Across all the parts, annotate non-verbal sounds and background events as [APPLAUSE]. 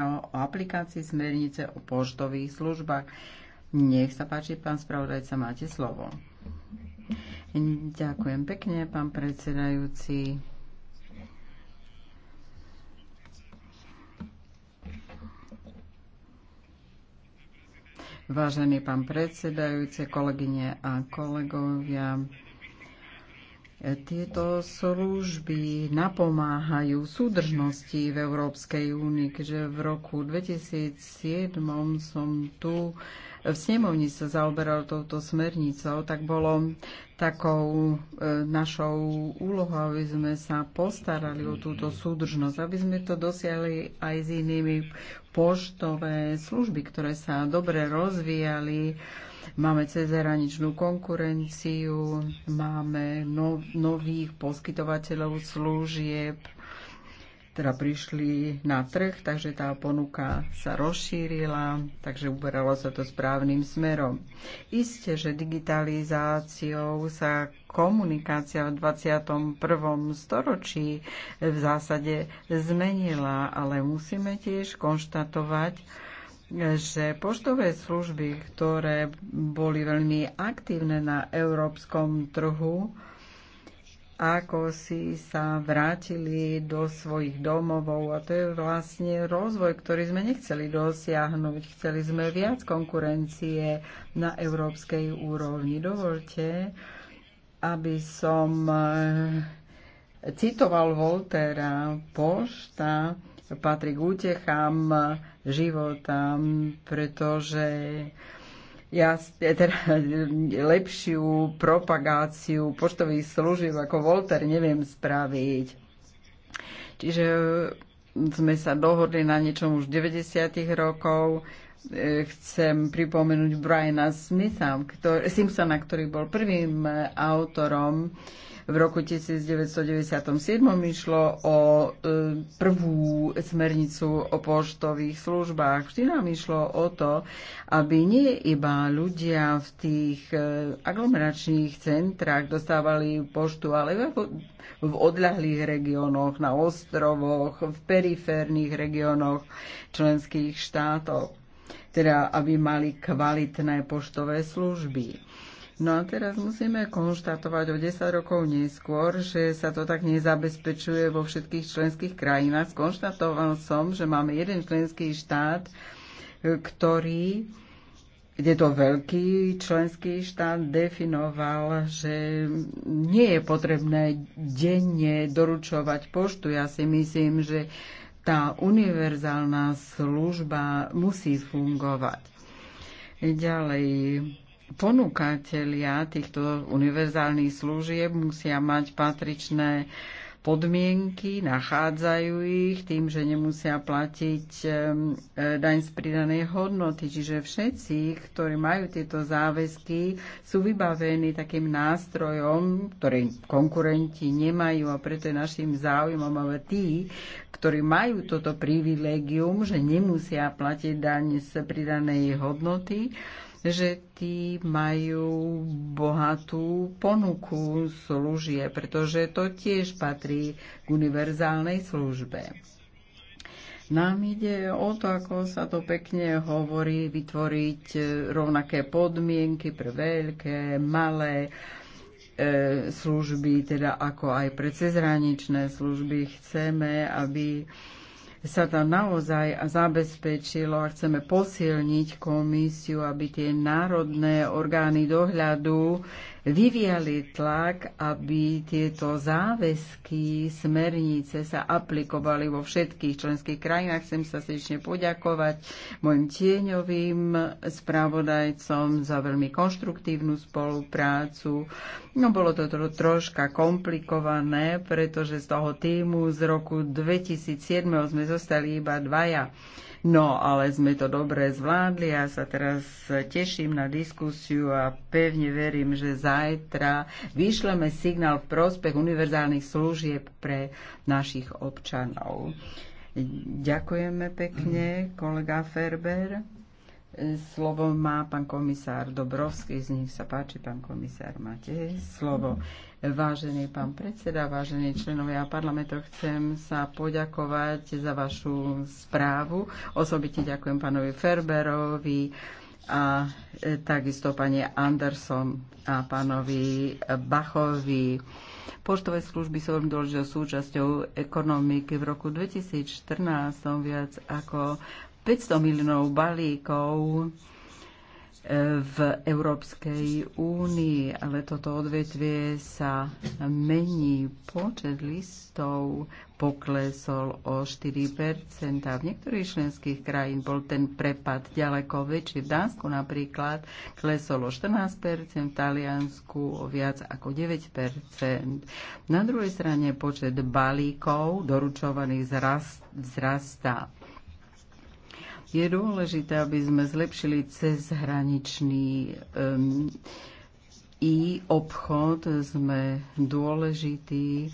o aplikácii smernice o poštových službách. Nech sa páči, pán spravodajca, máte slovo. Ďakujem pekne, pán predsedajúci. Vážený pán predsedajúce, kolegyne a kolegovia, tieto služby napomáhajú súdržnosti v Európskej únii, keďže v roku 2007 som tu v snemovni sa zaoberal touto smernicou, tak bolo takou e, našou úlohou, aby sme sa postarali o túto súdržnosť, aby sme to dosiahli aj s inými poštové služby, ktoré sa dobre rozvíjali Máme cezhraničnú konkurenciu, máme no, nových poskytovateľov služieb, teda prišli na trh, takže tá ponuka sa rozšírila, takže uberalo sa to správnym smerom. Isté, že digitalizáciou sa komunikácia v 21. storočí v zásade zmenila, ale musíme tiež konštatovať, že poštové služby, ktoré boli veľmi aktívne na európskom trhu, ako si sa vrátili do svojich domovov a to je vlastne rozvoj, ktorý sme nechceli dosiahnuť. Chceli sme viac konkurencie na európskej úrovni. Dovolte, aby som eh, citoval Voltera, pošta patrí k útechám života, pretože ja, e, teda, [LAUGHS] lepšiu propagáciu poštových služieb ako Volter neviem spraviť. Čiže e, sme sa dohodli na niečom už 90. rokov. E, chcem pripomenúť Briana Smitha, ktorý, Simpsona, ktorý bol prvým autorom uh, v roku 1997 išlo o e, prvú smernicu o poštových službách. Vždy nám išlo o to, aby nie iba ľudia v tých e, aglomeračných centrách dostávali poštu, ale v odľahlých regiónoch, na ostrovoch, v periférnych regiónoch členských štátov teda aby mali kvalitné poštové služby. No a teraz musíme konštatovať o 10 rokov neskôr, že sa to tak nezabezpečuje vo všetkých členských krajinách. Skonštatoval som, že máme jeden členský štát, ktorý je to veľký členský štát definoval, že nie je potrebné denne doručovať poštu. Ja si myslím, že tá univerzálna služba musí fungovať. Ďalej, ponúkatelia týchto univerzálnych služieb musia mať patričné podmienky, nachádzajú ich tým, že nemusia platiť e, daň z pridanej hodnoty. Čiže všetci, ktorí majú tieto záväzky, sú vybavení takým nástrojom, ktorý konkurenti nemajú a preto je našim záujmom, ale tí, ktorí majú toto privilegium, že nemusia platiť daň z pridanej hodnoty, že tí majú bohatú ponuku služie, pretože to tiež patrí k univerzálnej službe. Nám ide o to, ako sa to pekne hovorí, vytvoriť e, rovnaké podmienky pre veľké, malé e, služby, teda ako aj pre cezhraničné služby. Chceme, aby sa tam naozaj zabezpečilo a chceme posilniť komisiu, aby tie národné orgány dohľadu vyviali tlak, aby tieto záväzky, smernice sa aplikovali vo všetkých členských krajinách. Chcem sa srdečne poďakovať mojim tieňovým spravodajcom za veľmi konštruktívnu spoluprácu. No, bolo to troška komplikované, pretože z toho týmu z roku 2007 sme zostali iba dvaja. No, ale sme to dobre zvládli a ja sa teraz teším na diskusiu a pevne verím, že zajtra vyšleme signál v prospech univerzálnych služieb pre našich občanov. Ďakujeme pekne, kolega Ferber. Slovo má pán komisár Dobrovský, z nich sa páči, pán komisár, máte slovo. mm Vážený pán predseda, vážení členovia parlamentu, chcem sa poďakovať za vašu správu. Osobitne ďakujem pánovi Ferberovi a e, takisto pani Anderson a pánovi Bachovi. Poštové služby sú veľmi dôležitou súčasťou ekonomiky. V roku 2014 som viac ako 500 miliónov balíkov v Európskej únii, ale toto odvetvie sa mení. Počet listov poklesol o 4%. V niektorých členských krajín bol ten prepad ďaleko väčší. V Dánsku napríklad klesol o 14%, v Taliansku o viac ako 9%. Na druhej strane počet balíkov doručovaných zrastá je dôležité, aby sme zlepšili cezhraničný um, i obchod. Sme dôležití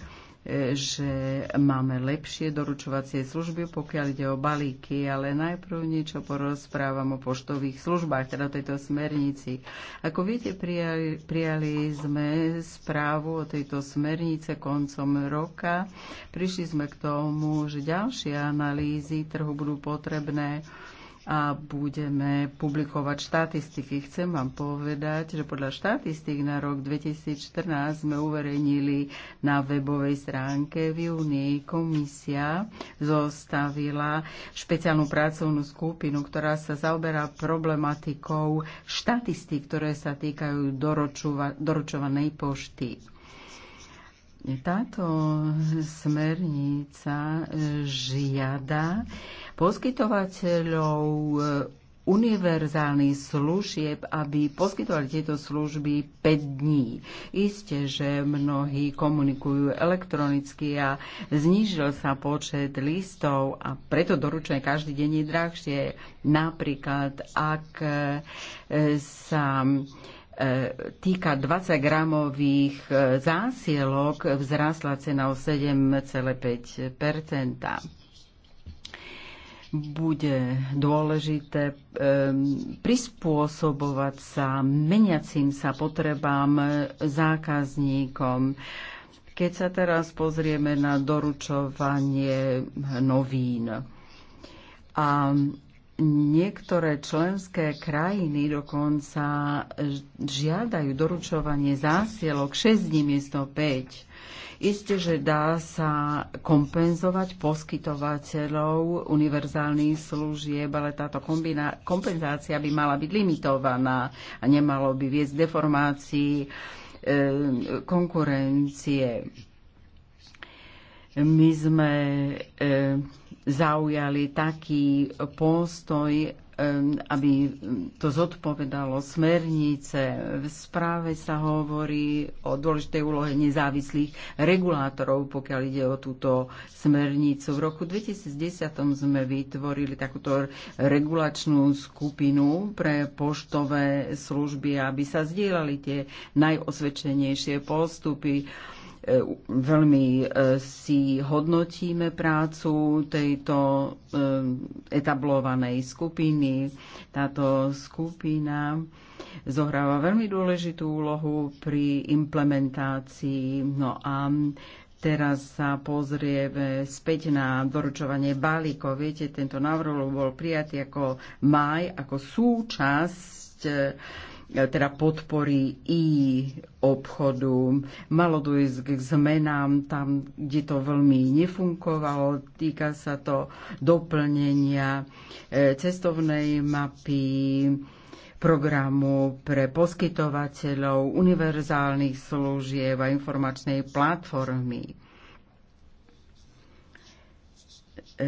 že máme lepšie doručovacie služby, pokiaľ ide o balíky, ale najprv niečo porozprávam o poštových službách, teda tejto smernici. Ako viete, prijali, prijali sme správu o tejto smernice koncom roka. Prišli sme k tomu, že ďalšie analýzy trhu budú potrebné a budeme publikovať štatistiky. Chcem vám povedať, že podľa štatistik na rok 2014 sme uverejnili na webovej stránke v júni. Komisia zostavila špeciálnu pracovnú skupinu, ktorá sa zaoberá problematikou štatistik, ktoré sa týkajú doručovanej pošty. Táto smernica žiada poskytovateľov eh, univerzálnych služieb, aby poskytovali tieto služby 5 dní. Isté, že mnohí komunikujú elektronicky a znížil sa počet listov a preto doručenie každý deň je drahšie. Napríklad, ak eh, sa E, týka 20-gramových e, zásielok, vzrástla cena o 7,5 bude dôležité e, prispôsobovať sa meniacim sa potrebám zákazníkom. Keď sa teraz pozrieme na doručovanie novín a Niektoré členské krajiny dokonca žiadajú doručovanie zásielok 6 dní miesto 5. Isté, že dá sa kompenzovať poskytovateľov univerzálnych služieb, ale táto kompenzácia by mala byť limitovaná a nemalo by viesť deformácii e, konkurencie. My sme e, zaujali taký postoj, aby to zodpovedalo smernice. V správe sa hovorí o dôležitej úlohe nezávislých regulátorov, pokiaľ ide o túto smernicu. V roku 2010 sme vytvorili takúto regulačnú skupinu pre poštové služby, aby sa zdieľali tie najosvedčenejšie postupy. E, veľmi e, si hodnotíme prácu tejto e, etablovanej skupiny. Táto skupina zohráva veľmi dôležitú úlohu pri implementácii. No a Teraz sa pozrieme späť na doručovanie balíkov. Viete, tento návrh bol prijatý ako maj, ako súčasť E, teda podpory i obchodu. Malo dojsť k zmenám tam, kde to veľmi nefunkovalo. Týka sa to doplnenia e, cestovnej mapy, programu pre poskytovateľov univerzálnych služieb a informačnej platformy. E,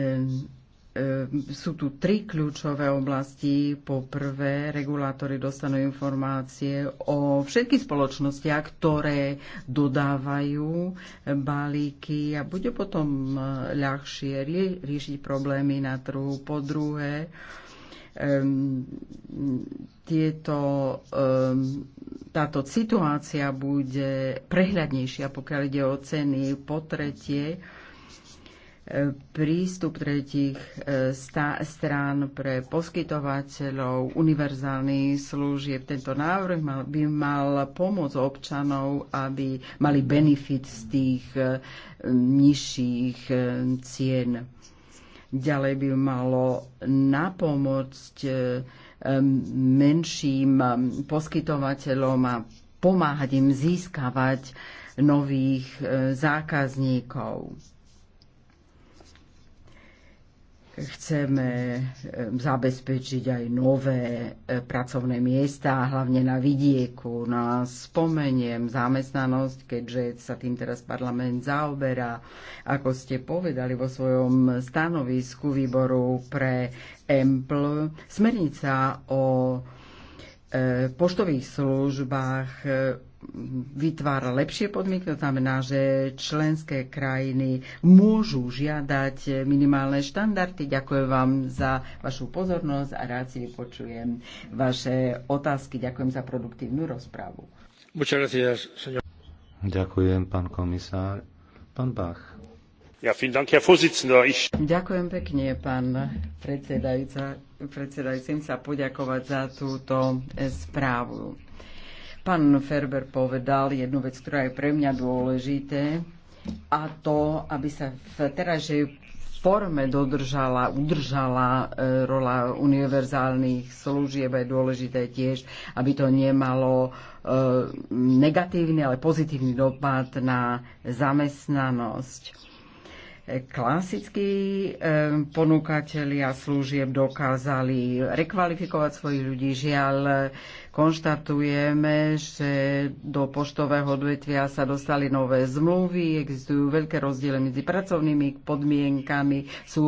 Ehm, sú tu tri kľúčové oblasti. Po prvé, regulátory dostanú informácie o všetkých spoločnostiach, ktoré dodávajú ehm, balíky a bude potom ehm, ľahšie riešiť problémy na trhu. Po druhé, tieto, táto situácia bude prehľadnejšia, pokiaľ ide o ceny. Po tretie, prístup tretich eh, strán pre poskytovateľov univerzálnych služieb. Tento návrh mal, by mal pomôcť občanov, aby mali benefit z tých eh, nižších eh, cien. Ďalej by malo napomôcť menším poskytovateľom a pomáhať im získavať nových zákazníkov Chceme eh, zabezpečiť aj nové eh, pracovné miesta, hlavne na vidieku. Na spomeniem zamestnanosť, keďže sa tým teraz parlament zaoberá, ako ste povedali vo svojom stanovisku výboru pre EMPL, smernica o eh, poštových službách vytvára lepšie podmienky, to znamená, že členské krajiny môžu žiadať minimálne štandardy. Ďakujem vám za vašu pozornosť a rád si vypočujem vaše otázky. Ďakujem za produktívnu rozprávu. Ďakujem, pán komisár. Pán Bach. Ja, Dank, ich... Ďakujem pekne, pán predsedajúca. Predsedajúcim sa poďakovať za túto správu. Pán Ferber povedal jednu vec, ktorá je pre mňa dôležité, a to, aby sa v terajšej forme dodržala, udržala e, rola univerzálnych služieb je dôležité tiež, aby to nemalo e, negatívny, ale pozitívny dopad na zamestnanosť klasickí ponúkatelia služieb dokázali rekvalifikovať svojich ľudí. Žiaľ, konštatujeme, že do poštového odvetvia sa dostali nové zmluvy, existujú veľké rozdiely medzi pracovnými podmienkami, sú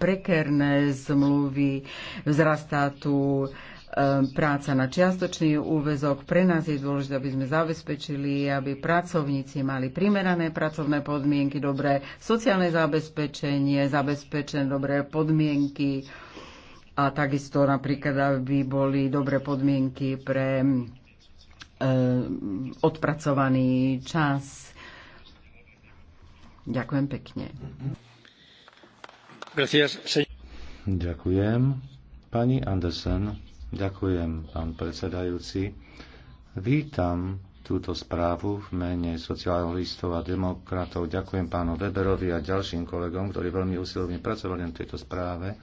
prekerné zmluvy, vzrastá tu Ehm, práca na čiastočný úvezok. Pre nás je dôležité, aby sme zabezpečili, aby pracovníci mali primerané pracovné podmienky, dobré sociálne zabezpečenie, zabezpečené dobré podmienky a takisto napríklad, aby boli dobré podmienky pre e, odpracovaný čas. Ďakujem pekne. Ďakujem. Pani Andersen. Ďakujem, pán predsedajúci. Vítam túto správu v mene socialistov a demokratov. Ďakujem pánu Weberovi a ďalším kolegom, ktorí veľmi usilovne pracovali na tejto správe.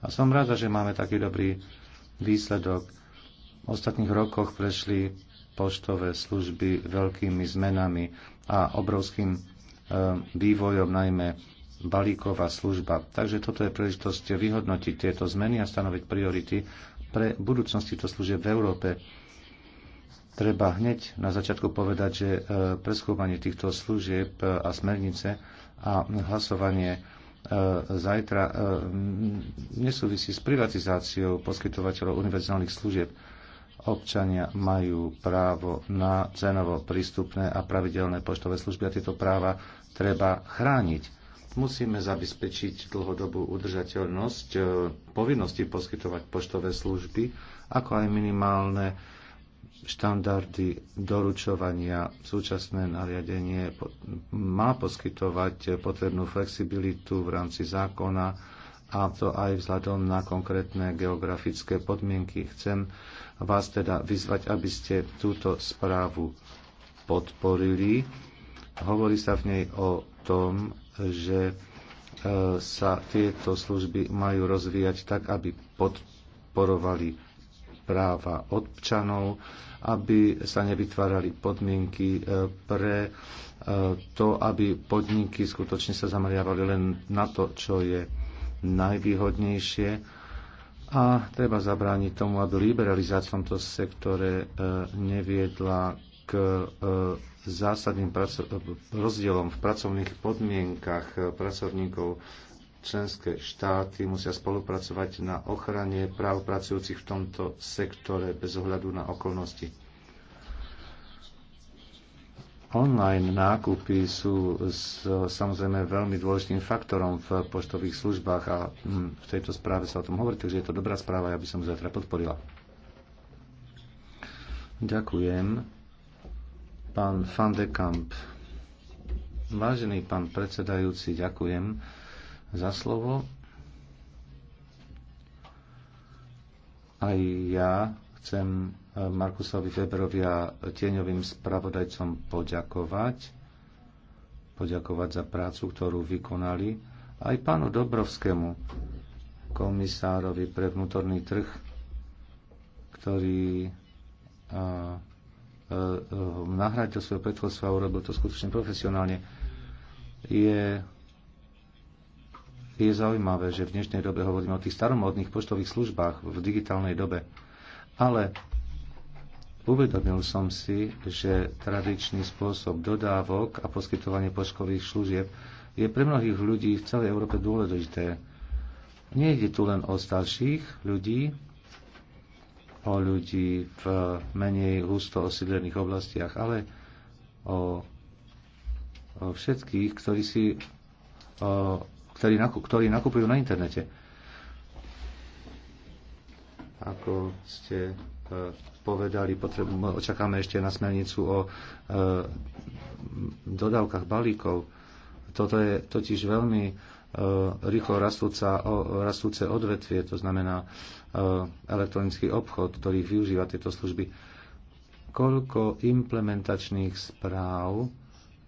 A som rada, že máme taký dobrý výsledok. V ostatných rokoch prešli poštové služby veľkými zmenami a obrovským e, vývojom, najmä balíková služba. Takže toto je príležitosť vyhodnotiť tieto zmeny a stanoviť priority pre budúcnosť týchto služieb v Európe. Treba hneď na začiatku povedať, že e, preskúmanie týchto služieb e, a smernice a hlasovanie e, zajtra nesúvisí s privatizáciou poskytovateľov univerzálnych služieb. Občania majú právo na cenovo prístupné a pravidelné poštové služby a tieto práva treba chrániť Musíme zabezpečiť dlhodobú udržateľnosť e, povinnosti poskytovať poštové služby, ako aj minimálne štandardy doručovania. Súčasné nariadenie má poskytovať potrebnú flexibilitu v rámci zákona a to aj vzhľadom na konkrétne geografické podmienky. Chcem vás teda vyzvať, aby ste túto správu podporili. Hovorí sa v nej o tom, že e, sa tieto služby majú rozvíjať tak, aby podporovali práva občanov, aby sa nevytvárali podmienky e, pre e, to, aby podniky skutočne sa zameriavali len na to, čo je najvýhodnejšie. A treba zabrániť tomu, aby liberalizácia v tomto sektore neviedla k zásadným rozdielom v pracovných podmienkach pracovníkov členské štáty musia spolupracovať na ochrane práv pracujúcich v tomto sektore bez ohľadu na okolnosti. Online nákupy sú samozrejme veľmi dôležitým faktorom v poštových službách a hm, v tejto správe sa o tom hovorí, takže je to dobrá správa, ja by som zajtra podporila. Ďakujem. Pán Van de Kamp. Vážený pán predsedajúci, ďakujem za slovo. Aj ja chcem eh, Markusovi Weberovi a tieňovým spravodajcom poďakovať, poďakovať za prácu, ktorú vykonali, aj pánu Dobrovskému, komisárovi pre vnútorný trh, ktorý eh, Eh, nahradil svojho predchodstva a urobil to skutočne profesionálne. Je, je zaujímavé, že v dnešnej dobe hovoríme o tých staromodných poštových službách v digitálnej dobe. Ale uvedomil som si, že tradičný spôsob dodávok a poskytovanie poštových služieb je pre mnohých ľudí v celej Európe dôležité. Nejde tu len o starších ľudí, o ľudí v menej husto osídlených oblastiach, ale o, o všetkých, ktorí, si, o, ktorí, nakup, ktorí nakupujú na internete. Ako ste e, povedali, očakáme ešte na smernicu o e, dodávkach balíkov. Toto je totiž veľmi E, rýchlo rastúca, rastúce odvetvie, to znamená e, elektronický obchod, ktorý využíva tieto služby. Koľko implementačných správ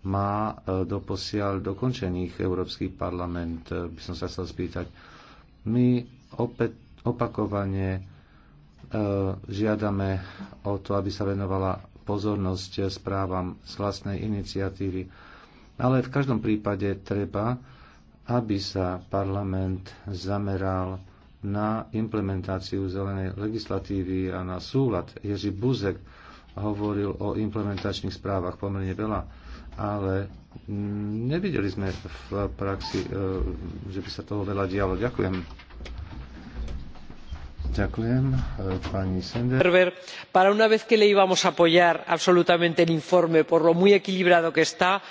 má e, doposiaľ dokončených Európsky parlament, by som sa chcel spýtať. My opäť, opakovane žiadame o to, aby sa venovala pozornosť správam z vlastnej iniciatívy. Ale v každom prípade treba aby sa parlament zameral na implementáciu zelenej legislatívy a na súlad. Jerzy Buzek hovoril o implementačných správach pomerne veľa, ale nevideli sme v praxi, e, že by sa toho veľa dialo. Ďakujem. Señor e, pani Para una vez que le íbamos a apoyar absolutamente el informe por lo muy equilibrado que está,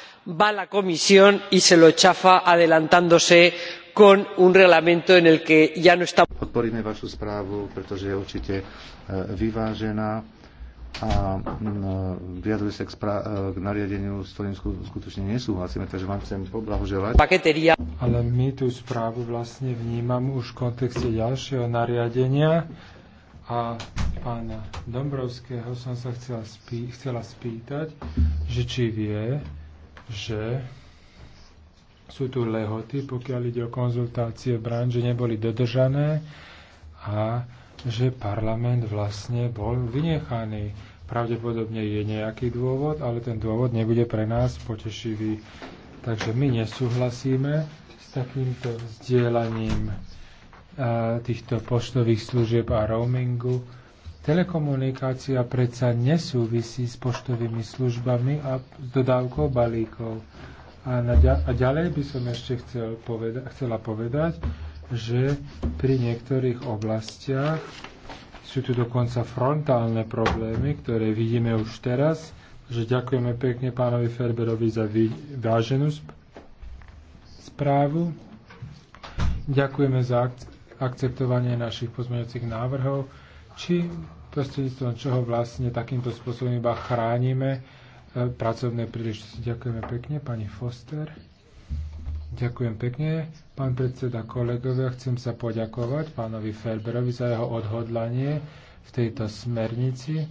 va la comisión y se lo chafa adelantándose con un reglamento en el que ya no estamos Podporíme vašu a vyjadruje sa k, k nariadeniu, s ktorým skutočne nesúhlasíme, takže vám chcem poblahoželať. Paketeria. Ale my tú správu vlastne vnímam už v kontexte ďalšieho nariadenia a pána Dombrovského som sa chcela, spý, chcela spýtať, že či vie, že sú tu lehoty, pokiaľ ide o konzultácie branže, neboli dodržané a že parlament vlastne bol vynechaný Pravdepodobne je nejaký dôvod, ale ten dôvod nebude pre nás potešivý. Takže my nesúhlasíme s takýmto vzdielaním e, týchto poštových služieb a roamingu. Telekomunikácia predsa nesúvisí s poštovými službami a s dodávkou balíkov. A, na, a ďalej by som ešte chcel poveda- chcela povedať, že pri niektorých oblastiach sú tu dokonca frontálne problémy, ktoré vidíme už teraz. Takže ďakujeme pekne pánovi Ferberovi za vyváženú správu. Ďakujeme za ak akceptovanie našich pozmeňujúcich návrhov, či prostredníctvom čoho vlastne takýmto spôsobom iba chránime eh, pracovné príležitosti. Ďakujeme pekne, pani Foster. Ďakujem pekne. Pán predseda, kolegovia, chcem sa poďakovať pánovi Ferberovi za jeho odhodlanie v tejto smernici.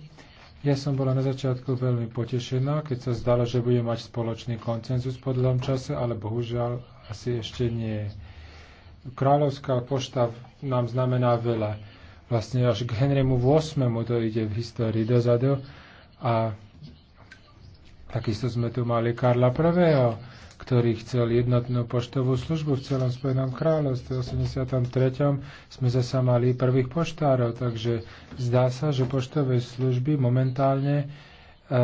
Ja som bola na začiatku veľmi potešená, keď sa zdalo, že bude mať spoločný koncenzus po dlhom čase, ale bohužiaľ asi ešte nie. Kráľovská pošta nám znamená veľa. Vlastne až k Henrymu VIII to ide v histórii dozadu a takisto sme tu mali Karla I ktorý chcel jednotnú poštovú službu v celom Spojenom kráľovstve. V 83. sme zase mali prvých poštárov, takže zdá sa, že poštové služby momentálne eh,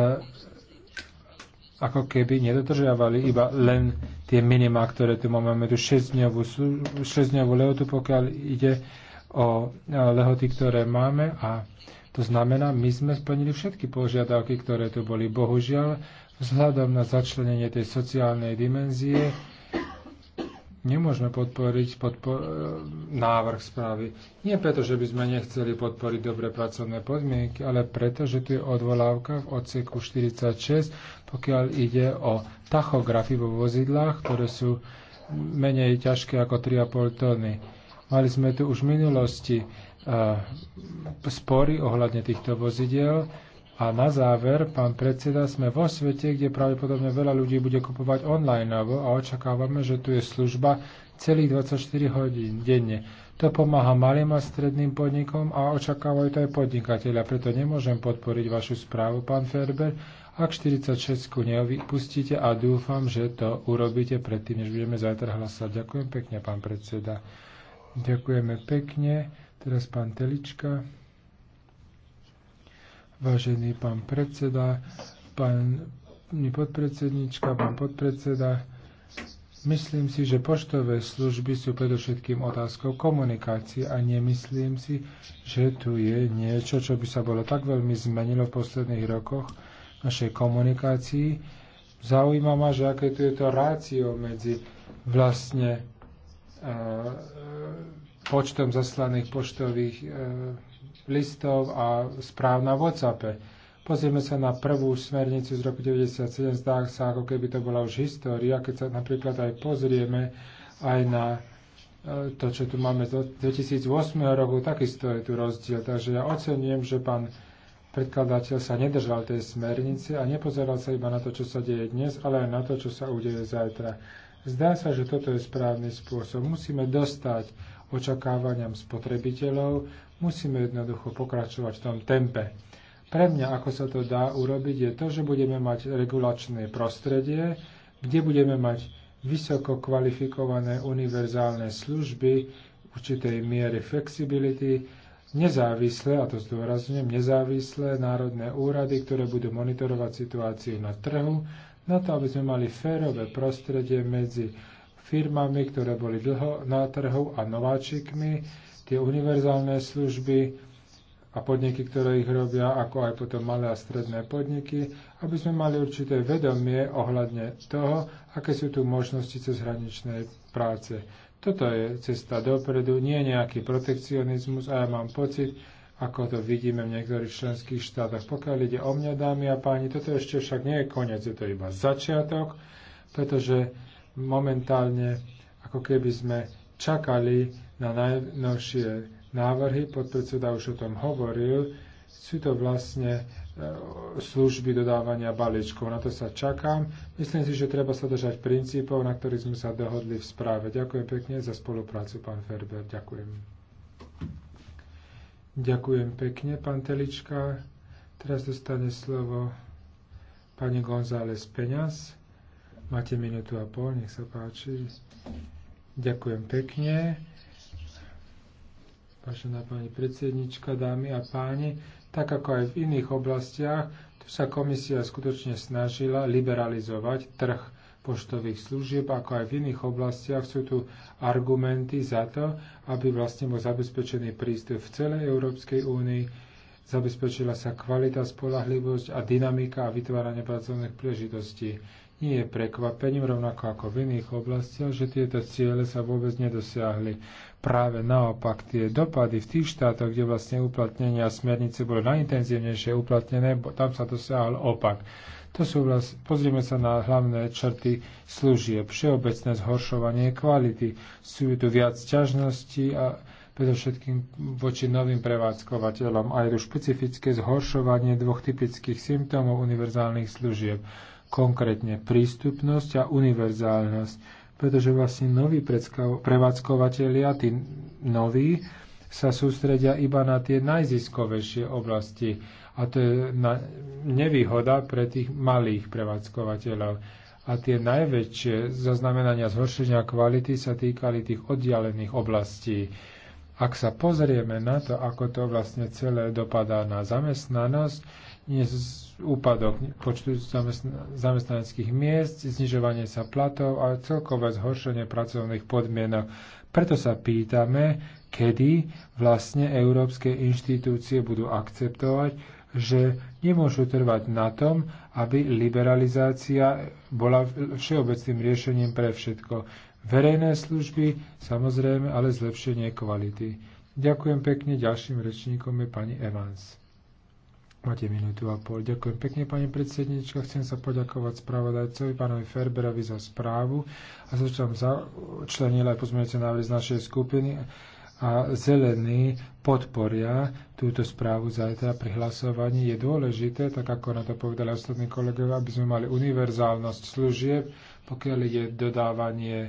ako keby nedodržiavali iba len tie minima, ktoré tu máme. Máme tu 6-dňovú lehotu, pokiaľ ide o eh, lehoty, ktoré máme a to znamená, my sme splnili všetky požiadavky, ktoré tu boli. Bohužiaľ, vzhľadom na začlenenie tej sociálnej dimenzie nemôžeme podporiť podpo- návrh správy. Nie preto, že by sme nechceli podporiť dobre pracovné podmienky, ale preto, že tu je odvolávka v odseku 46, pokiaľ ide o tachografy vo vozidlách, ktoré sú menej ťažké ako 3,5 tony. Mali sme tu už v minulosti uh, spory ohľadne týchto vozidel a na záver, pán predseda, sme vo svete, kde pravdepodobne veľa ľudí bude kupovať online a očakávame, že tu je služba celých 24 hodín denne. To pomáha malým a stredným podnikom a očakávajú to aj podnikateľa, preto nemôžem podporiť vašu správu, pán Ferber, ak 46 nevypustíte a dúfam, že to urobíte predtým, než budeme zajtra hlasovať. Ďakujem pekne, pán predseda. Ďakujeme pekne. Teraz pán Telička vážený pán predseda, pán podpredsednička, pán podpredseda. Myslím si, že poštové služby sú predovšetkým otázkou komunikácie a nemyslím si, že tu je niečo, čo by sa bolo tak veľmi zmenilo v posledných rokoch našej komunikácii. Zaujíma ma, že aké tu je to rácio medzi vlastne e, počtom zaslaných poštových e, listov a správ na WhatsAppe. Pozrieme sa na prvú smernicu z roku 1997, zdá sa, ako keby to bola už história, keď sa napríklad aj pozrieme aj na e, to, čo tu máme z 2008 roku, takisto je tu rozdiel. Takže ja ocenujem, že pán predkladateľ sa nedržal tej smernice a nepozeral sa iba na to, čo sa deje dnes, ale aj na to, čo sa udeje zajtra. Zdá sa, že toto je správny spôsob. Musíme dostať očakávaniam spotrebiteľov, Musíme jednoducho pokračovať v tom tempe. Pre mňa, ako sa to dá urobiť, je to, že budeme mať regulačné prostredie, kde budeme mať vysoko kvalifikované univerzálne služby určitej miery flexibility, nezávislé, a to zdôrazňujem, nezávislé národné úrady, ktoré budú monitorovať situáciu na trhu, na to, aby sme mali férové prostredie medzi firmami, ktoré boli dlho na trhu a nováčikmi, tie univerzálne služby a podniky, ktoré ich robia, ako aj potom malé a stredné podniky, aby sme mali určité vedomie ohľadne toho, aké sú tu možnosti cezhraničnej práce. Toto je cesta dopredu, nie nejaký protekcionizmus a ja mám pocit, ako to vidíme v niektorých členských štátoch. Pokiaľ ide o mňa, dámy a páni, toto ešte však nie je koniec, je to iba začiatok, pretože momentálne ako keby sme čakali na najnovšie návrhy, podpredseda už o tom hovoril, sú to vlastne e, služby dodávania balíčkov. Na to sa čakám. Myslím si, že treba sa držať princípov, na ktorých sme sa dohodli v správe. Ďakujem pekne za spoluprácu, pán Ferber. Ďakujem. Ďakujem pekne, pán Telička. Teraz dostane slovo pani González Peňaz. Máte minútu a pol, nech sa páči. Ďakujem pekne. Vážená pani predsednička, dámy a páni, tak ako aj v iných oblastiach, tu sa komisia skutočne snažila liberalizovať trh poštových služieb, ako aj v iných oblastiach sú tu argumenty za to, aby vlastne bol zabezpečený prístup v celej Európskej únii, zabezpečila sa kvalita, spolahlivosť a dynamika a vytváranie pracovných príležitostí. Nie je prekvapením, rovnako ako v iných oblastiach, že tieto ciele sa vôbec nedosiahli. Práve naopak tie dopady v tých štátoch, kde vlastne uplatnenia smernice bolo najintenzívnejšie uplatnené, tam sa dosiahol opak. To sú vlast... Pozrieme sa na hlavné črty služieb. Všeobecné zhoršovanie kvality. Sú tu viac ťažností a predovšetkým voči novým prevádzkovateľom. aj tu špecifické zhoršovanie dvoch typických symptómov univerzálnych služieb konkrétne prístupnosť a univerzálnosť, pretože vlastne noví prevádzkovateľia, tí noví, sa sústredia iba na tie najziskovejšie oblasti. A to je na, nevýhoda pre tých malých prevádzkovateľov. A tie najväčšie zaznamenania zhoršenia kvality sa týkali tých oddialených oblastí. Ak sa pozrieme na to, ako to vlastne celé dopadá na zamestnanosť, úpadok počtu zamestnaneckých miest, znižovanie sa platov a celkové zhoršenie pracovných podmienok. Preto sa pýtame, kedy vlastne európske inštitúcie budú akceptovať, že nemôžu trvať na tom, aby liberalizácia bola všeobecným riešením pre všetko. Verejné služby, samozrejme, ale zlepšenie kvality. Ďakujem pekne. Ďalším rečníkom je pani Evans. Máte minútu a pol. Ďakujem pekne, pani predsednička. Chcem sa poďakovať spravodajcovi, pánovi Ferberovi za správu a sa tam začlenil aj pozmeňujúce návrhy z našej skupiny a zelení podporia túto správu zajtra pri hlasovaní. Je dôležité, tak ako na to povedali ostatní kolegovia, aby sme mali univerzálnosť služieb, pokiaľ je dodávanie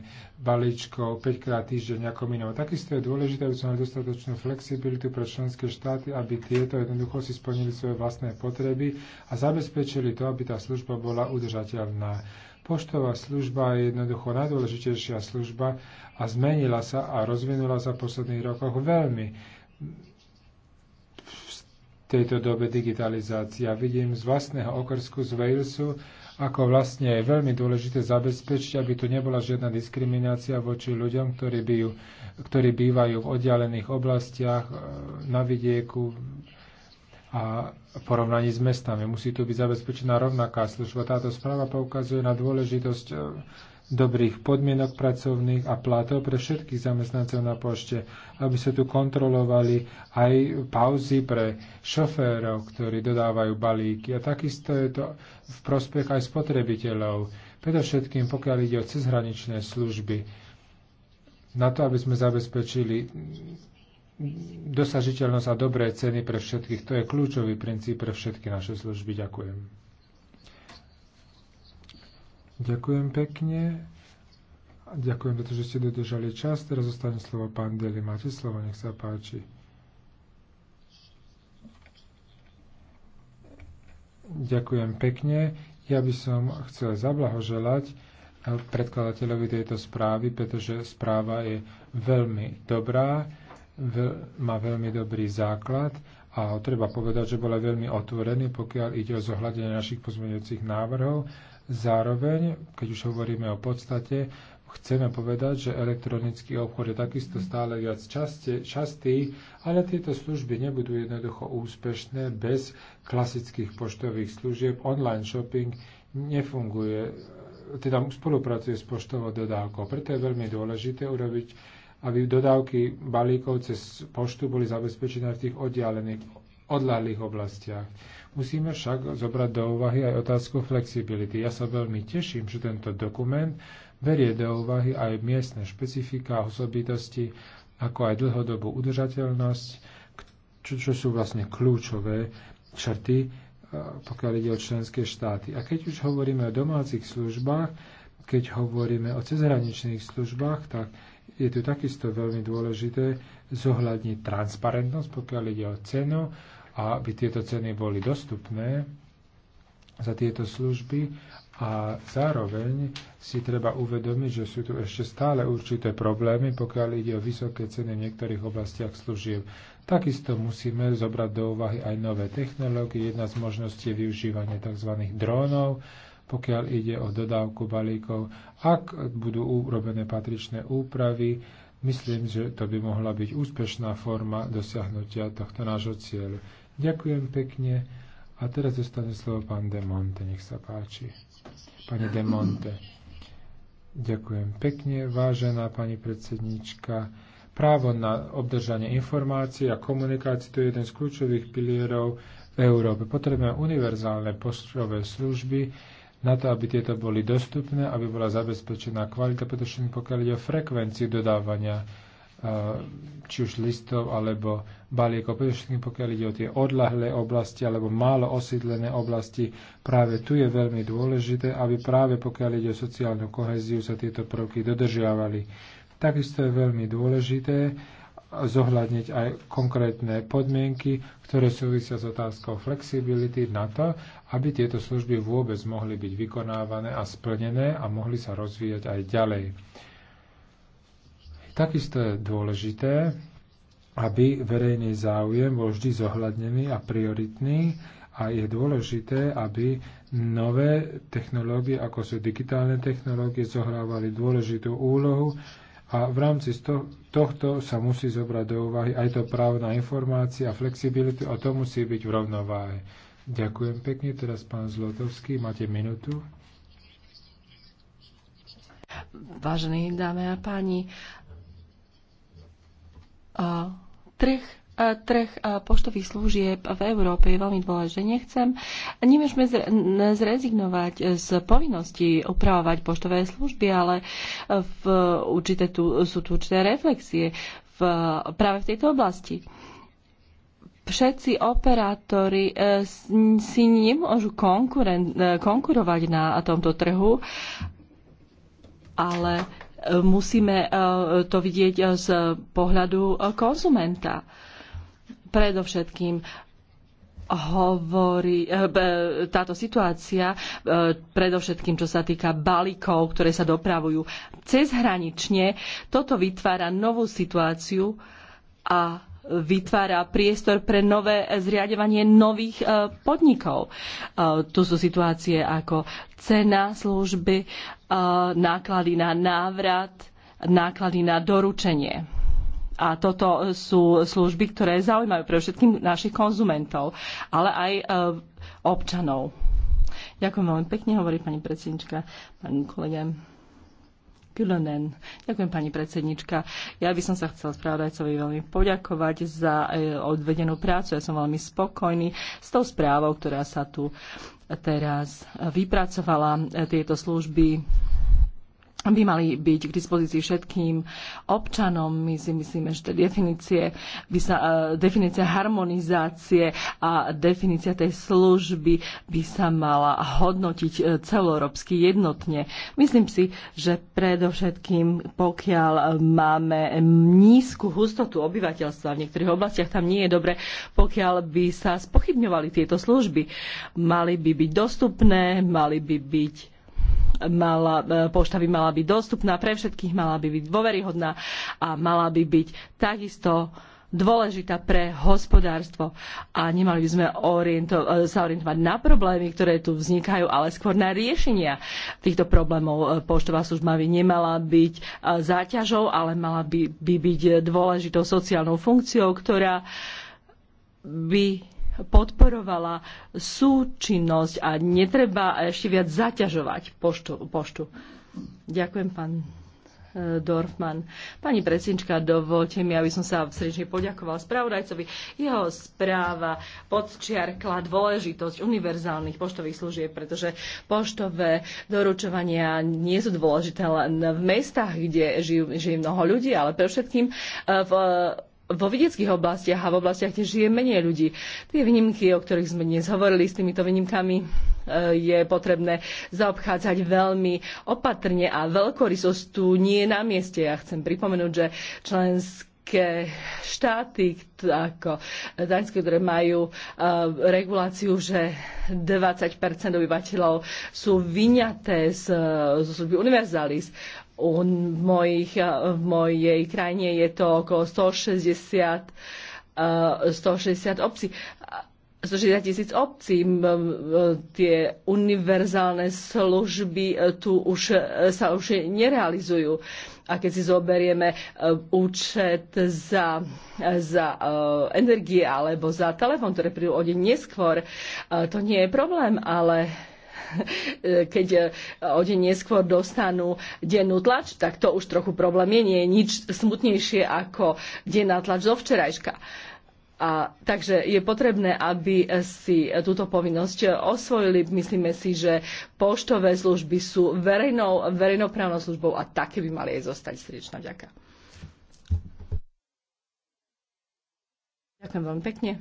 balíčkov 5 krát týždeň ako minimum. Takisto je dôležité, aby sme mali dostatočnú flexibilitu pre členské štáty, aby tieto jednoducho si splnili svoje vlastné potreby a zabezpečili to, aby tá služba bola udržateľná. Poštová služba je jednoducho najdôležitejšia služba a zmenila sa a rozvinula sa v posledných rokoch veľmi. V tejto dobe digitalizácia vidím z vlastného okrsku z Walesu, ako vlastne je veľmi dôležité zabezpečiť, aby tu nebola žiadna diskriminácia voči ľuďom, ktorí, bijú, ktorí bývajú v oddialených oblastiach, e, na vidieku a v porovnaní s mestami. Musí tu byť zabezpečená rovnaká služba. Táto správa poukazuje na dôležitosť e, dobrých podmienok pracovných a platov pre všetkých zamestnancov na pošte, aby sa tu kontrolovali aj pauzy pre šoférov, ktorí dodávajú balíky. A takisto je to v prospech aj spotrebiteľov, predovšetkým pokiaľ ide o cezhraničné služby. Na to, aby sme zabezpečili dosažiteľnosť a dobré ceny pre všetkých, to je kľúčový princíp pre všetky naše služby. Ďakujem. Ďakujem pekne. Ďakujem za to, že ste dodržali čas. Teraz zostane slovo pán Deli. Máte slovo, nech sa páči. Ďakujem pekne. Ja by som chcel zablahoželať eh, predkladateľovi tejto správy, pretože správa je veľmi dobrá, veľ, má veľmi dobrý základ a treba povedať, že bola veľmi otvorený, pokiaľ ide o zohľadenie našich pozmeňujúcich návrhov Zároveň, keď už hovoríme o podstate, chceme povedať, že elektronický obchod je takisto stále viac časte, častý, ale tieto služby nebudú jednoducho úspešné bez klasických poštových služieb. Online shopping nefunguje, teda spolupracuje s poštovou dodávkou. Preto je veľmi dôležité urobiť, aby dodávky balíkov cez poštu boli zabezpečené v tých oddialených odľahlých oblastiach. Musíme však zobrať do úvahy aj otázku flexibility. Ja sa veľmi teším, že tento dokument berie do úvahy aj miestne špecifika, osobitosti, ako aj dlhodobú udržateľnosť, čo, čo sú vlastne kľúčové črty, e, pokiaľ ide o členské štáty. A keď už hovoríme o domácich službách, keď hovoríme o cezhraničných službách, tak je tu takisto veľmi dôležité zohľadniť transparentnosť, pokiaľ ide o cenu, a aby tieto ceny boli dostupné za tieto služby a zároveň si treba uvedomiť, že sú tu ešte stále určité problémy, pokiaľ ide o vysoké ceny v niektorých oblastiach služieb. Takisto musíme zobrať do úvahy aj nové technológie. Jedna z možností je využívanie tzv. drónov, pokiaľ ide o dodávku balíkov. Ak budú urobené patričné úpravy, myslím, že to by mohla byť úspešná forma dosiahnutia tohto nášho cieľu. Ďakujem pekne. A teraz zostane slovo pán Demonte, nech sa páči. Pani Demonte. Ďakujem pekne, vážená pani predsednička. Právo na obdržanie informácií a komunikácií to je jeden z kľúčových pilierov v Európe. Potrebujeme univerzálne poštové služby na to, aby tieto boli dostupné, aby bola zabezpečená kvalita, pretože pokiaľ ide o frekvenciu dodávania Eh, či už listov alebo balíkov. Predovšetkým pokiaľ ide o tie odlahlé oblasti alebo málo osídlené oblasti, práve tu je veľmi dôležité, aby práve pokiaľ ide o sociálnu koheziu sa tieto prvky dodržiavali. Takisto je veľmi dôležité zohľadniť aj konkrétne podmienky, ktoré súvisia s otázkou flexibility na to, aby tieto služby vôbec mohli byť vykonávané a splnené a mohli sa rozvíjať aj ďalej. Takisto je dôležité, aby verejný záujem bol vždy zohľadnený a prioritný a je dôležité, aby nové technológie, ako sú digitálne technológie, zohrávali dôležitú úlohu a v rámci tohto sa musí zobrať do úvahy aj to právo na informácie a flexibilitu a to musí byť v rovnováhe. Ďakujem pekne. Teraz pán Zlotovský, máte minútu. Vážení dámy a páni, trh trh poštových služieb v Európe je veľmi dôležitý. Nechcem, nemôžeme zrezignovať z povinnosti upravovať poštové služby, ale v určité tu, sú tu určité reflexie v, práve v tejto oblasti všetci operátori e, si nemôžu e, konkurovať na tomto trhu, ale musíme e, to vidieť e, z pohľadu e, konzumenta. Predovšetkým hovorí táto situácia, predovšetkým čo sa týka balíkov, ktoré sa dopravujú cezhranične, toto vytvára novú situáciu a vytvára priestor pre nové zriadovanie nových podnikov. Tu sú situácie ako cena služby, náklady na návrat, náklady na doručenie. A toto sú služby, ktoré zaujímajú pre všetkým našich konzumentov, ale aj e, občanov. Ďakujem veľmi pekne, hovorí pani predsednička, pán kolega. Kulonen. Ďakujem pani predsednička. Ja by som sa chcela spravodajcovi veľmi poďakovať za e, odvedenú prácu. Ja som veľmi spokojný s tou správou, ktorá sa tu teraz vypracovala tieto služby by mali byť k dispozícii všetkým občanom. My si myslíme, že tie definície, by sa, e, definícia harmonizácie a definícia tej služby by sa mala hodnotiť e, celoeurópsky jednotne. Myslím si, že predovšetkým, pokiaľ máme nízku hustotu obyvateľstva v niektorých oblastiach, tam nie je dobre, pokiaľ by sa spochybňovali tieto služby. Mali by byť dostupné, mali by byť mala, e, pošta by mala byť dostupná pre všetkých, mala by byť dôveryhodná a mala by byť takisto dôležitá pre hospodárstvo. A nemali by sme oriento- e, sa orientovať na problémy, ktoré tu vznikajú, ale skôr na riešenia týchto problémov. E, poštová služba by nemala byť záťažou, ale mala by, by byť dôležitou sociálnou funkciou, ktorá by podporovala súčinnosť a netreba ešte viac zaťažovať poštu. poštu. Ďakujem, pán e, Dorfman. Pani predsednička, dovolte mi, aby som sa srdečne poďakoval spravodajcovi. Jeho správa podčiarkla dôležitosť univerzálnych poštových služieb, pretože poštové doručovania nie sú dôležité len v mestách, kde žijú, žijú mnoho ľudí, ale pre všetkým e, v vo vidieckých oblastiach a v oblastiach, kde žije menej ľudí. Tie výnimky, o ktorých sme dnes hovorili, s týmito výnimkami e, je potrebné zaobchádzať veľmi opatrne a veľkorysosť tu nie je na mieste. Ja chcem pripomenúť, že členské štáty, ako Dánske, ktoré majú uh, reguláciu, že 20 obyvateľov sú vyňaté z, z služby univerzalis. U mojich, v mojej krajine je to okolo 160, 160 obcí. 160 tisíc obcí, tie univerzálne služby e, tu už e, sa už nerealizujú. A keď si zoberieme e, účet za, za energie alebo za telefón, ktoré prídu o deň neskôr, to nie je problém, ale [LAUGHS] keď eh, o deň neskôr dostanú dennú tlač, tak to už trochu problém je. Nie je nič smutnejšie ako denná tlač zo včerajška. A, takže je potrebné, aby si túto povinnosť osvojili. Myslíme si, že poštové služby sú verejnou, verejnoprávnou službou a také by mali aj zostať. Srdečná vďaka. Ďakujem veľmi pekne.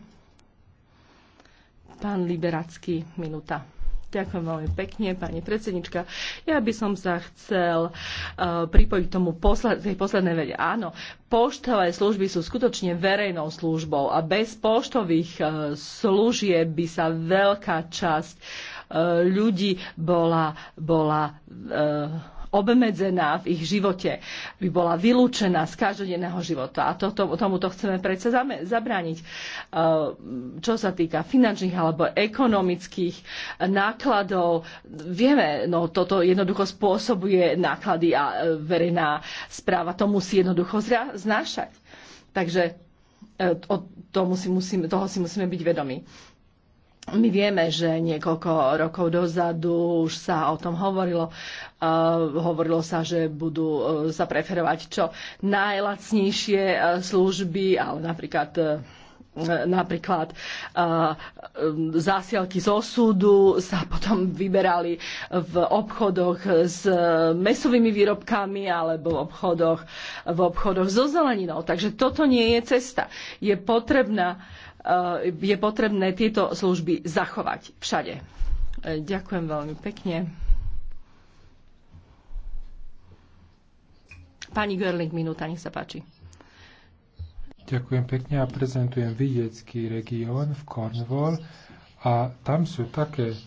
Pán Liberacký, minúta. Ďakujem veľmi pekne, pani predsednička. Ja by som sa chcel uh, pripojiť k tomu posled, tej poslednej vede. Áno, poštové služby sú skutočne verejnou službou a bez poštových uh, služieb by sa veľká časť uh, ľudí bola, bola uh, obmedzená v ich živote, by bola vylúčená z každodenného života. A toto, tomuto chceme predsa zabrániť. Ehm, čo sa týka finančných alebo ekonomických eh, nákladov, vieme, no toto jednoducho spôsobuje náklady a eh, verejná správa to musí jednoducho znášať. Takže eh, to musí, musíme, toho si musíme byť vedomi. My vieme, že niekoľko rokov dozadu už sa o tom hovorilo. Uh, hovorilo sa, že budú uh, sa preferovať čo najlacnejšie uh, služby, ale napríklad uh, napríklad zásielky z osúdu sa potom vyberali v obchodoch s mesovými výrobkami alebo v obchodoch, v obchodoch so zeleninou. Takže toto nie je cesta. Je potrebná E, je potrebné tieto služby zachovať všade. E, ďakujem veľmi pekne. Pani Görling, minúta, nech sa páči. Ďakujem pekne a prezentujem vidiecký región v Cornwall a tam sú také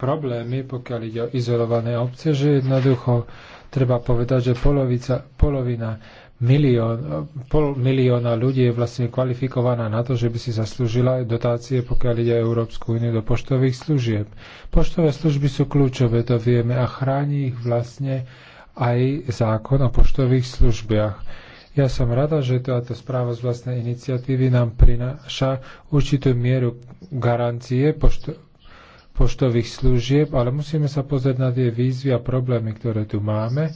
problémy, pokiaľ ide o izolované obce, že jednoducho treba povedať, že polovica, polovina milión, pol milióna ľudí je vlastne kvalifikovaná na to, že by si zaslúžila dotácie, pokiaľ ide Európsku úniu do poštových služieb. Poštové služby sú kľúčové, to vieme, a chráni ich vlastne aj zákon o poštových službách. Ja som rada, že táto správa z vlastnej iniciatívy nám prináša určitú mieru garancie pošto- poštových služieb, ale musíme sa pozrieť na tie výzvy a problémy, ktoré tu máme.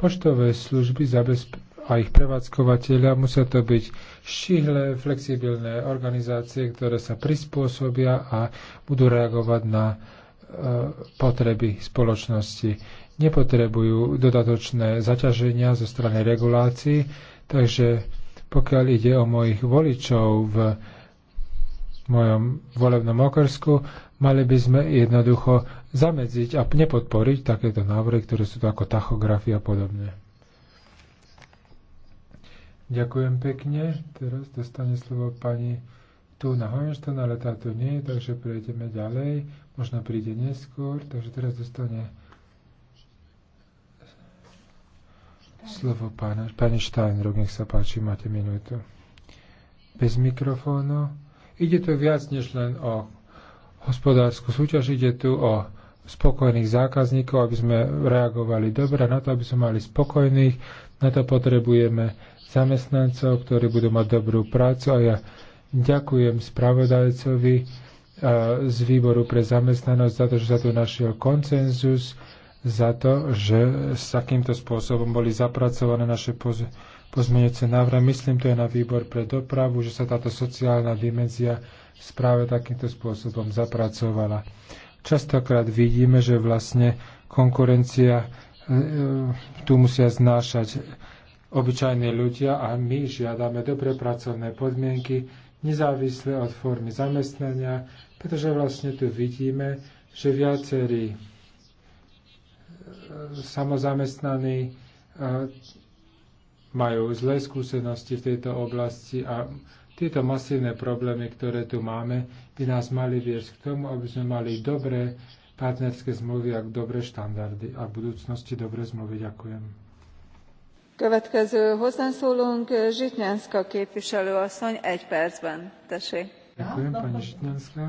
Poštové služby zabezpečujú a ich prevádzkovateľia, Musia to byť šihlé, flexibilné organizácie, ktoré sa prispôsobia a budú reagovať na e, potreby spoločnosti. Nepotrebujú dodatočné zaťaženia zo strany regulácií, takže pokiaľ ide o mojich voličov v mojom volebnom okrsku, mali by sme jednoducho zamedziť a nepodporiť takéto návrhy, ktoré sú to ako tachografia a podobne. Ďakujem pekne. Teraz dostane slovo pani Tu na Hojenštán, ale tá tu nie, takže prejdeme ďalej. Možno príde neskôr, takže teraz dostane slovo pána. Pani Steinrock, nech sa páči, máte minútu. Bez mikrofónu. Ide tu viac než len o hospodárskú súťaž, ide tu o spokojných zákazníkov, aby sme reagovali dobre, na to, aby sme mali spokojných, na to potrebujeme zamestnancov, ktorí budú mať dobrú prácu a ja ďakujem spravodajcovi z výboru pre zamestnanosť za to, že sa tu našiel koncenzus, za to, že s takýmto spôsobom boli zapracované naše poz- pozmeňujúce návrhy. Myslím, to je na výbor pre dopravu, že sa táto sociálna dimenzia správe takýmto spôsobom zapracovala. Častokrát vidíme, že vlastne konkurencia e, e, tu musia znášať obyčajní ľudia a my žiadame dobre pracovné podmienky, nezávisle od formy zamestnania, pretože vlastne tu vidíme, že viacerí e, samozamestnaní e, majú zlé skúsenosti v tejto oblasti a tieto masívne problémy, ktoré tu máme, by nás mali viesť k tomu, aby sme mali dobré partnerské zmluvy a dobré štandardy a v budúcnosti dobré zmluvy. Ďakujem. Következő hozzászólónk eh, Zsitňánszka képviselő egy percben. Tessék. Ďakujem, pani Žitňanská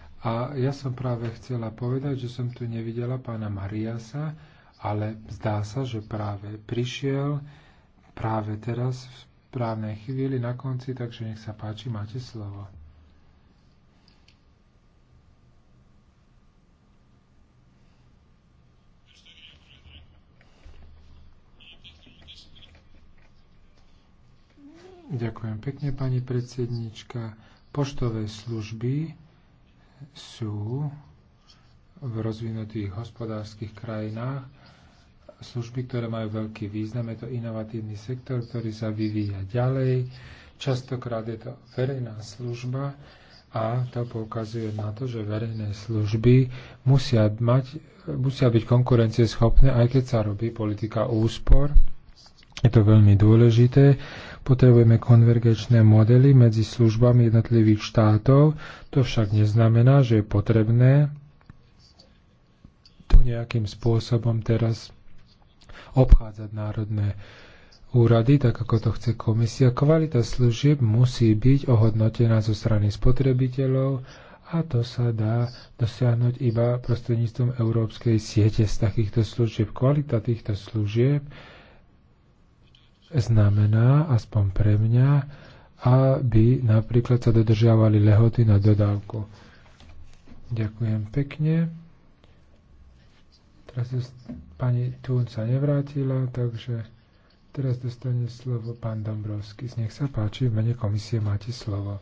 A ja som práve chcela povedať, že som tu nevidela pána Mariasa, ale zdá sa, že práve prišiel práve teraz v správnej chvíli na konci, takže nech sa páči, máte slovo. Ďakujem pekne, pani predsednička. Poštové služby sú v rozvinutých hospodárskych krajinách služby, ktoré majú veľký význam. Je to inovatívny sektor, ktorý sa vyvíja ďalej. Častokrát je to verejná služba a to poukazuje na to, že verejné služby musia, mať, musia byť konkurencieschopné, aj keď sa robí politika úspor je to veľmi dôležité. Potrebujeme konvergečné modely medzi službami jednotlivých štátov. To však neznamená, že je potrebné tu nejakým spôsobom teraz obchádzať národné úrady, tak ako to chce komisia. Kvalita služieb musí byť ohodnotená zo strany spotrebiteľov a to sa dá dosiahnuť iba prostredníctvom európskej siete z takýchto služieb. Kvalita týchto služieb znamená, aspoň pre mňa, aby napríklad sa dodržiavali lehoty na dodávku. Ďakujem pekne. Teraz pani Tún sa nevrátila, takže teraz dostane slovo pán Dombrovský. Nech sa páči, v mene komisie máte slovo.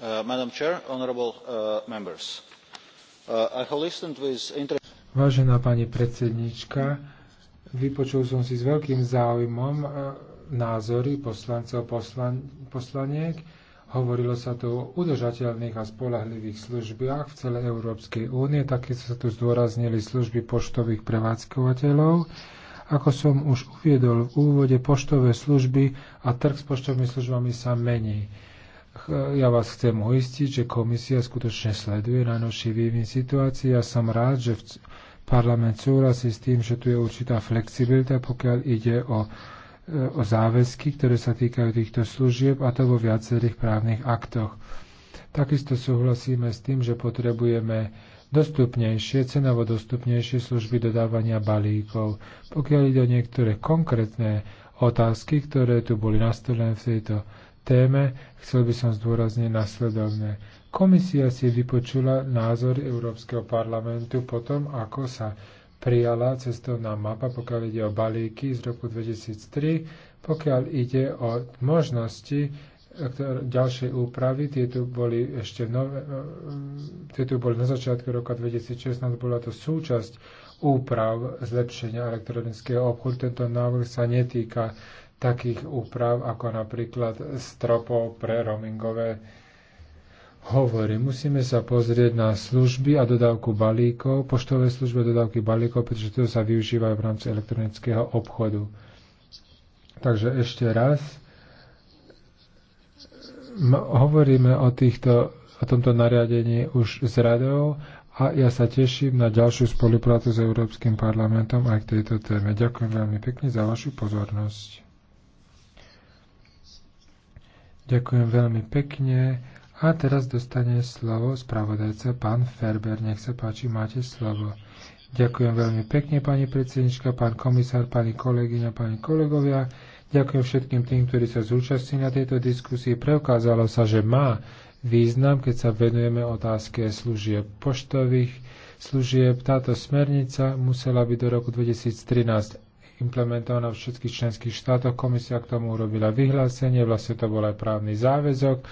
Uh, Madam Chair, honorable uh, members. Uh, Vážená pani predsednička, vypočul som si s veľkým záujmom uh, názory poslancov poslan, poslaniek. Hovorilo sa tu o udržateľných a spolahlivých službách v celej Európskej únie. Také sa tu zdôraznili služby poštových prevádzkovateľov. Ako som už uviedol v úvode, poštové služby a trh s poštovými službami sa mení ja vás chcem uistiť, že komisia skutočne sleduje najnovší vývin situácie. Ja som rád, že parlament súhlasí s tým, že tu je určitá flexibilita, pokiaľ ide o, e, o záväzky, ktoré sa týkajú týchto služieb a to vo viacerých právnych aktoch. Takisto súhlasíme s tým, že potrebujeme dostupnejšie, cenovo dostupnejšie služby dodávania balíkov. Pokiaľ ide o niektoré konkrétne otázky, ktoré tu boli nastolené v tejto téme, chcel by som zdôrazniť nasledovne. Komisia si vypočula názor Európskeho parlamentu potom, ako sa prijala cestovná mapa, pokiaľ ide o balíky z roku 2003, pokiaľ ide o možnosti ďalšej úpravy, tieto boli ešte nové, e, e, tieto boli na začiatku roka 2016, bola to súčasť úprav zlepšenia elektronického obchodu. Tento návrh sa netýka takých úprav ako napríklad stropov pre roamingové hovory. Musíme sa pozrieť na služby a dodávku balíkov, poštové služby a dodávky balíkov, pretože to sa využíva v rámci elektronického obchodu. Takže ešte raz, hovoríme o, týchto, o tomto nariadení už s radou a ja sa teším na ďalšiu spoluprácu s Európskym parlamentom aj k tejto téme. Ďakujem veľmi pekne za vašu pozornosť. Ďakujem veľmi pekne. A teraz dostane slovo spravodajca pán Ferber. Nech sa páči, máte slovo. Ďakujem veľmi pekne, pani predsednička, pán komisár, pani kolegyňa, pani kolegovia. Ďakujem všetkým tým, ktorí sa zúčastní na tejto diskusii. Preukázalo sa, že má význam, keď sa venujeme otázke služieb poštových služieb. Táto smernica musela byť do roku 2013 implementovaná v všetkých členských štátoch. Komisia k tomu urobila vyhlásenie, vlastne to bol aj právny záväzok.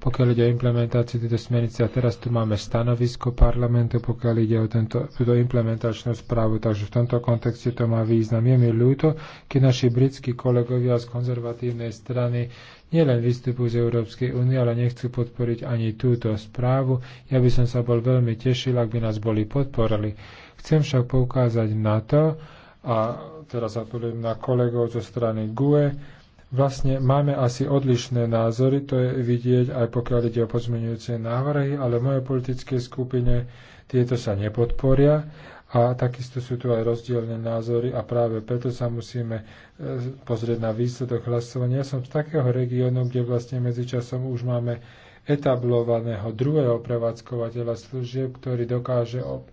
Pokiaľ ide o implementáciu tejto smernice, a teraz tu máme stanovisko parlamentu, pokiaľ ide o tento, túto implementačnú správu, takže v tomto kontexte to má význam. Je mi ľúto, keď naši britskí kolegovia z konzervatívnej strany nielen vystupujú z Európskej únie, ale nechcú podporiť ani túto správu. Ja by som sa bol veľmi tešil, ak by nás boli podporili. Chcem však poukázať na to, a teraz apelujem na kolegov zo strany GUE, vlastne máme asi odlišné názory, to je vidieť aj pokiaľ ide o pozmeňujúce návrhy, ale v mojej politickej skupine tieto sa nepodporia a takisto sú tu aj rozdielne názory a práve preto sa musíme e, pozrieť na výsledok hlasovania. Ja som z takého regiónu, kde vlastne medzičasom už máme etablovaného druhého prevádzkovateľa služieb, ktorý dokáže ob-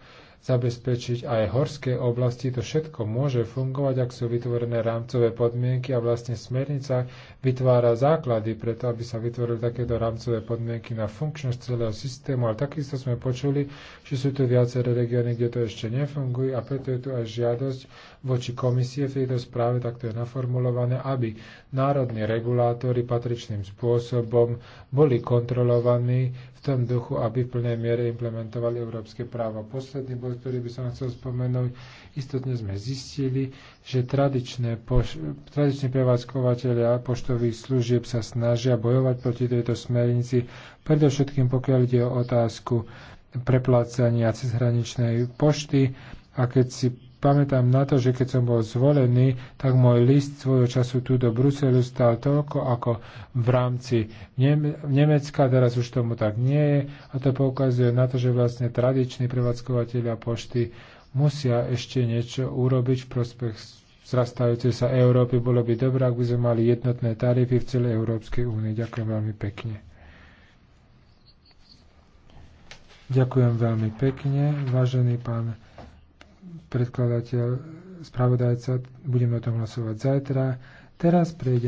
zabezpečiť aj horské oblasti. To všetko môže fungovať, ak sú vytvorené rámcové podmienky a vlastne smernica vytvára základy preto, aby sa vytvorili takéto rámcové podmienky na funkčnosť celého systému. Ale takisto sme počuli, že sú tu viaceré regióny, kde to ešte nefunguje a preto je tu aj žiadosť voči komisie v tejto správe, takto je naformulované, aby národní regulátory patričným spôsobom boli kontrolovaní v tom duchu, aby v plnej miere implementovali európske právo. Posledný bod, ktorý by som chcel spomenúť, istotne sme zistili, že tradičné, poš- tradiční prevádzkovateľia poštových služieb sa snažia bojovať proti tejto smernici, predovšetkým pokiaľ ide o otázku preplácania cezhraničnej pošty a keď si pamätám na to, že keď som bol zvolený, tak môj list svojho času tu do Bruselu stál toľko ako v rámci Nemecka, teraz už tomu tak nie je a to poukazuje na to, že vlastne tradiční prevádzkovateľia pošty musia ešte niečo urobiť v prospech zrastajúcej sa Európy. Bolo by dobré, ak by sme mali jednotné tarify v celej Európskej únii. Ďakujem veľmi pekne. Ďakujem veľmi pekne, vážený pán predkladateľ, spravodajca, budeme o tom hlasovať zajtra. Teraz prejdeme